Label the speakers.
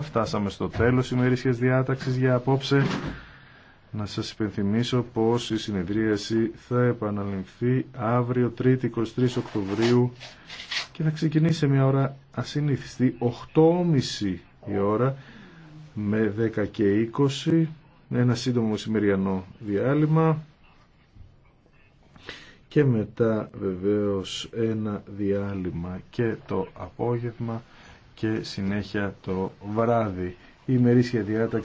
Speaker 1: Φτάσαμε στο τέλος ημερήσιας διάταξης για απόψε. Να σας υπενθυμίσω πως η συνεδρίαση θα επαναληφθεί αύριο 3η 23 Οκτωβρίου και θα ξεκινήσει σε μια ώρα ασυνήθιστη 8.30 η ώρα με 10 και 20 ένα σύντομο σημεριανό διάλειμμα και μετά βεβαίως ένα διάλειμμα και το απόγευμα και συνέχεια το
Speaker 2: βράδυ. Η ημερήσια διάταξη